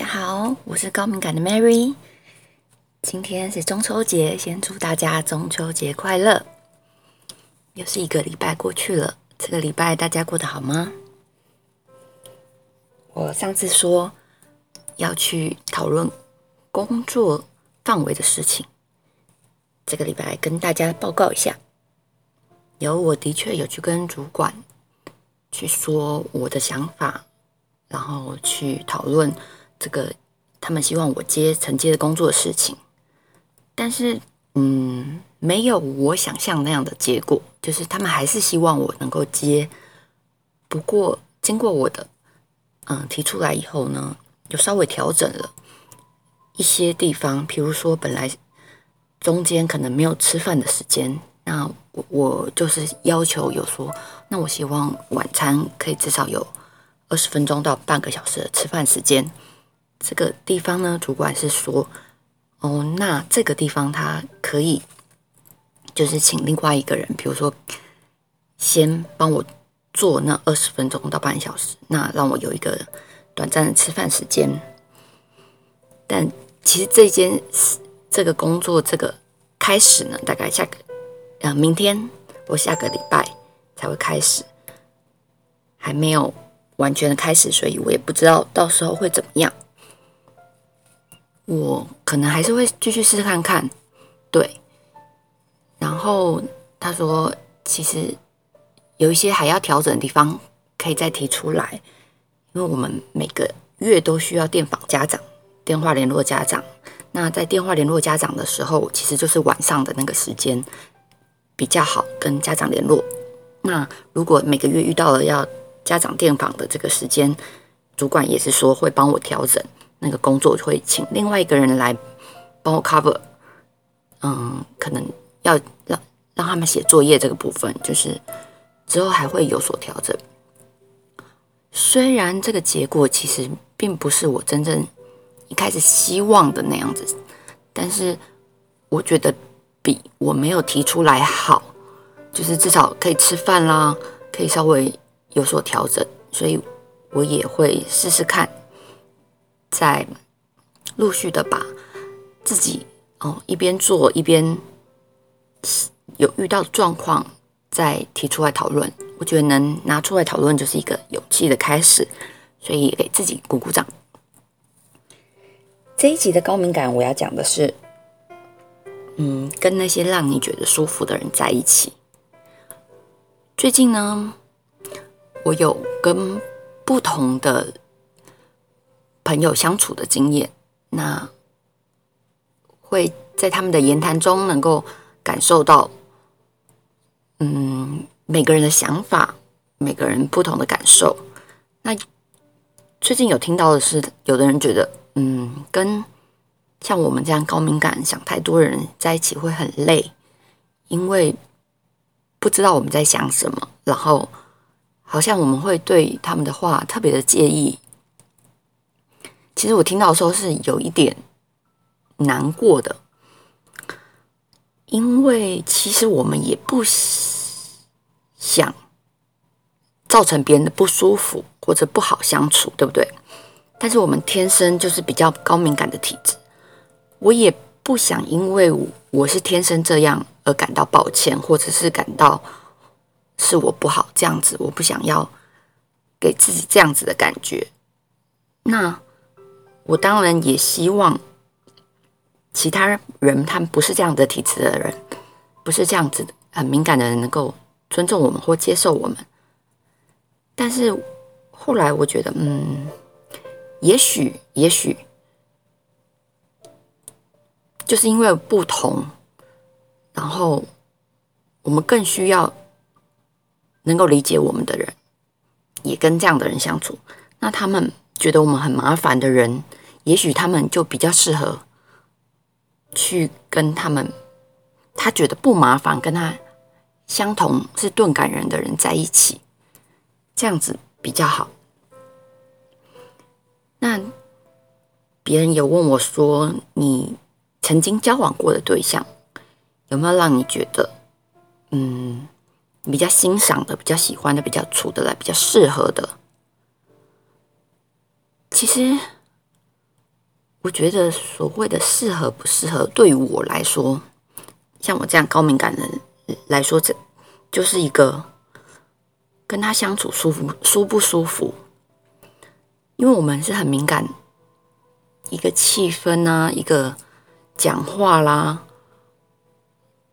大家好，我是高敏感的 Mary。今天是中秋節，先祝大家中秋節快樂。又是一個禮拜過去了，這個禮拜大家過得好嗎？我上次說要去討論工作範圍的事情，這個禮拜跟大家報告一下。有我的確有去跟主管去說我的想法，然後去討論。這個他們希望我接承接的工作的事情，但是嗯，沒有我想象那樣的結果，就是他們還是希望我能夠接。不過經過我的嗯提出來以後呢，就稍微調整了一些地方，譬如說本來中間可能沒有吃飯的時間，那我我就是要求有說，那我希望晚餐可以至少有二十分鐘到半個小時的吃飯時間。這個地方呢，主管是說，哦，那這個地方他可以，就是請另外一個人，比如說，先幫我做那二十分鐘到半小時，那讓我有一個短暫的吃飯時間。但其實這間這個工作這個開始呢，大概下個，呃，明天，我下個禮拜才會開始，還沒有完全的開始，所以我也不知道到時候會怎麼樣。我可能還是會繼續試試看看，對。然後他說，其實有一些還要調整的地方，可以再提出來，因為我們每個月都需要電訪家長，電話聯絡家長。那在電話聯絡家長的時候，其實就是晚上的那個時間比較好跟家長聯絡。那如果每個月遇到了要家長電訪的這個時間，主管也是說會幫我調整。那個工作會請另外一個人來幫我 cover，嗯，可能要讓讓他們寫作業這個部分，就是之後還會有所調整。雖然這個結果其實並不是我真正一開始希望的那樣子，但是我覺得比我沒有提出來好，就是至少可以吃飯啦，可以稍微有所調整，所以我也會試試看。在陸續的把自己哦一邊做一邊有遇到的狀況再提出來討論，我覺得能拿出來討論就是一個勇氣的開始，所以給自己鼓鼓掌。這一集的高敏感，我要講的是，嗯，跟那些讓你覺得舒服的人在一起。最近呢，我有跟不同的。朋友相處的經驗，那會在他們的言談中能夠感受到，嗯，每個人的想法，每個人不同的感受。那最近有聽到的是，有的人覺得，嗯，跟像我們這樣高敏感、想太多的人在一起會很累，因為不知道我們在想什麼，然後好像我們會對他們的話特別的介意。其實我聽到的時候是有一點難過的，因為其實我們也不想造成別人的不舒服或者不好相處，對不對？但是我們天生就是比較高敏感的體質，我也不想因為我是天生這樣而感到抱歉，或者是感到是我不好這樣子，我不想要給自己這樣子的感覺。那。我當然也希望其他人，他們不是這樣的體質的人，不是這樣子很敏感的人，能夠尊重我們或接受我們。但是後來我覺得，嗯，也許，也許就是因為不同，然後我們更需要能夠理解我們的人，也跟這樣的人相處。那他們覺得我們很麻煩的人。也許他們就比較適合去跟他們，他覺得不麻煩，跟他相同是鈍感人的人在一起，這樣子比較好。那別人有問我說，你曾經交往過的對象有沒有讓你覺得，嗯，比較欣賞的、比較喜歡的、比較處得來、比較適合的？其實，我覺得所謂的適合不適合，對於我來說，像我這樣高敏感的人來說，這就是一個跟他相處舒服舒不舒服。因為我們是很敏感，一個氣氛吶、啊，一個講話啦，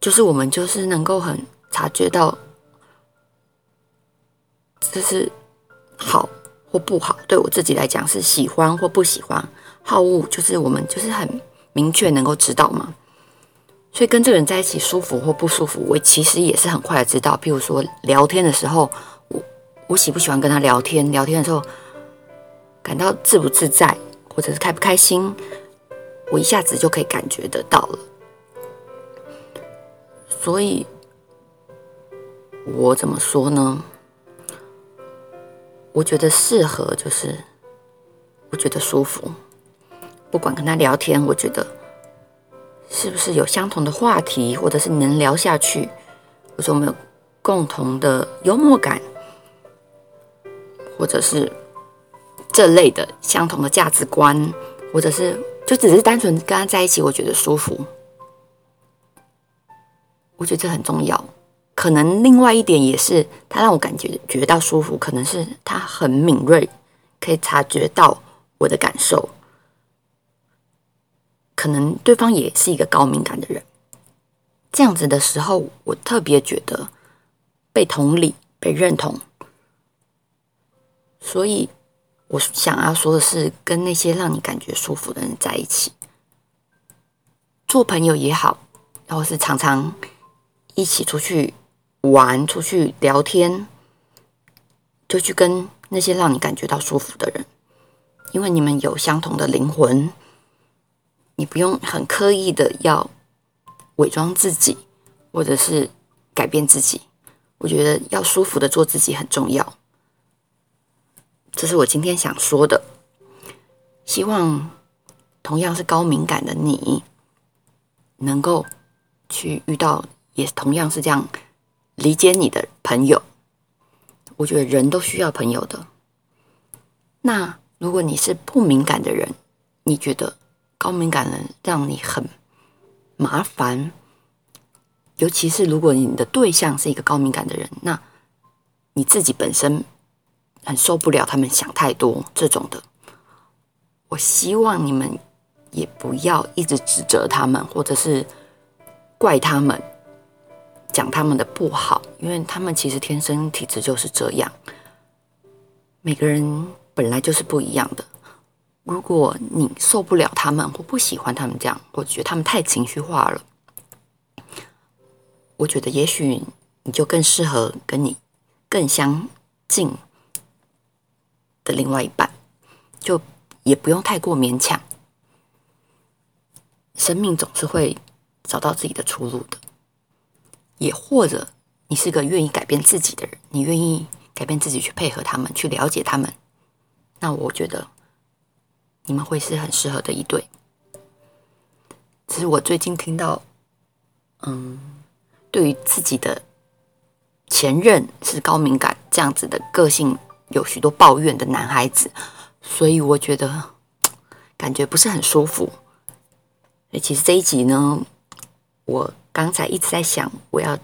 就是我們就是能夠很察覺到，這是好或不好，對我自己來講是喜歡或不喜歡。好惡就是我們就是很明確能夠知道嘛，所以跟這個人在一起舒服或不舒服，我其實也是很快的知道。譬如說聊天的時候我，我我喜不喜歡跟他聊天？聊天的時候感到自不自在，或者是開不開心，我一下子就可以感覺得到了。所以，我怎麼說呢？我覺得適合就是我覺得舒服。不管跟他聊天，我覺得是不是有相同的話題，或者是能聊下去，或者我們有，有共同的幽默感，或者是這類的相同的價值觀，或者是就只是單純跟他在一起，我覺得舒服。我覺得這很重要。可能另外一點也是，他讓我感覺覺到舒服，可能是他很敏銳，可以察覺到我的感受。可能對方也是一個高敏感的人，這樣子的時候，我特別覺得被同理、被認同。所以，我想要說的是，跟那些讓你感覺舒服的人在一起，做朋友也好，然後是常常一起出去玩、出去聊天，就去跟那些讓你感覺到舒服的人，因為你們有相同的靈魂。你不用很刻意的要偽裝自己，或者是改變自己。我覺得要舒服的做自己很重要。這是我今天想說的。希望同樣是高敏感的你，能夠去遇到也同樣是這樣理解你的朋友。我覺得人都需要朋友的。那如果你是不敏感的人，你覺得？高敏感人讓你很麻煩，尤其是如果你的對象是一個高敏感的人，那你自己本身很受不了他們想太多這種的。我希望你們也不要一直指責他們，或者是怪他們，講他們的不好，因為他們其實天生體質就是這樣。每個人本來就是不一樣的。如果你受不了他們或不喜歡他們這樣，或覺得他們太情緒化了，我覺得也許你就更適合跟你更相近的另外一半，就也不用太過勉強。生命總是會找到自己的出路的，也或者你是個願意改變自己的人，你願意改變自己去配合他們，去了解他們，那我覺得。你們會是很適合的一對。其實我最近聽到，嗯，對於自己的前任是高敏感這樣子的個性，有許多抱怨的男孩子，所以我覺得感覺不是很舒服。所以其實這一集呢，我剛才一直在想我要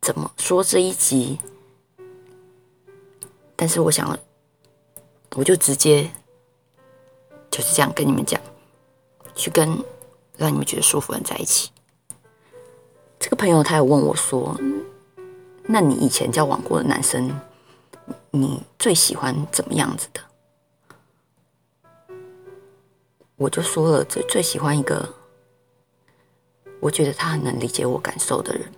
怎麼說這一集，但是我想我就直接。就是這樣跟你們講，去跟讓你們覺得舒服的人在一起。這個朋友他有問我說：“那你以前交往過的男生，你最喜歡怎麼樣子的？”我就說了，最最喜歡一個，我覺得他很能理解我感受的人。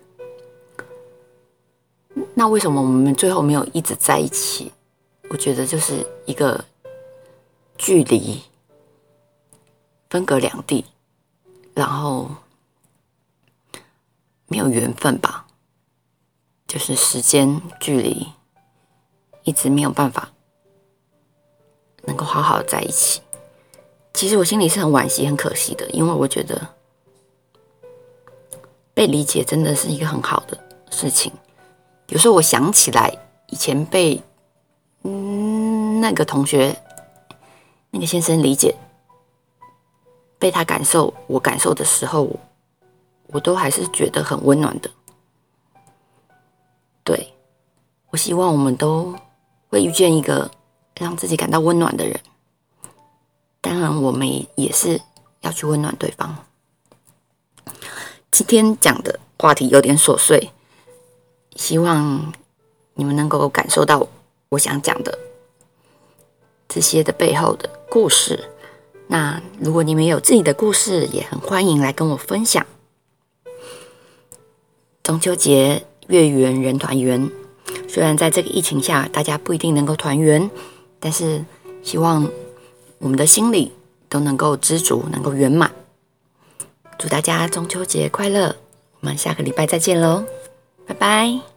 那為什麼我們最後沒有一直在一起？我覺得就是一個距離。分隔兩地，然後沒有緣分吧，就是時間距離一直沒有辦法能夠好好的在一起。其實我心裡是很惋惜、很可惜的，因為我覺得被理解真的是一個很好的事情。有時候我想起來以前被、嗯、那個同學、那個先生理解。被他感受我感受的時候，我都還是覺得很溫暖的。對，我希望我們都會遇見一個讓自己感到溫暖的人。當然，我們也是要去溫暖對方。今天講的話題有點瑣碎，希望你們能夠感受到我想講的這些的背後的故事。那如果你們有自己的故事，也很歡迎來跟我分享。中秋節，月圓人團圓。雖然在這個疫情下，大家不一定能夠團圓，但是希望我們的心裡都能夠知足，能夠圓滿。祝大家中秋節快樂！我們下個禮拜再見嘍，拜拜。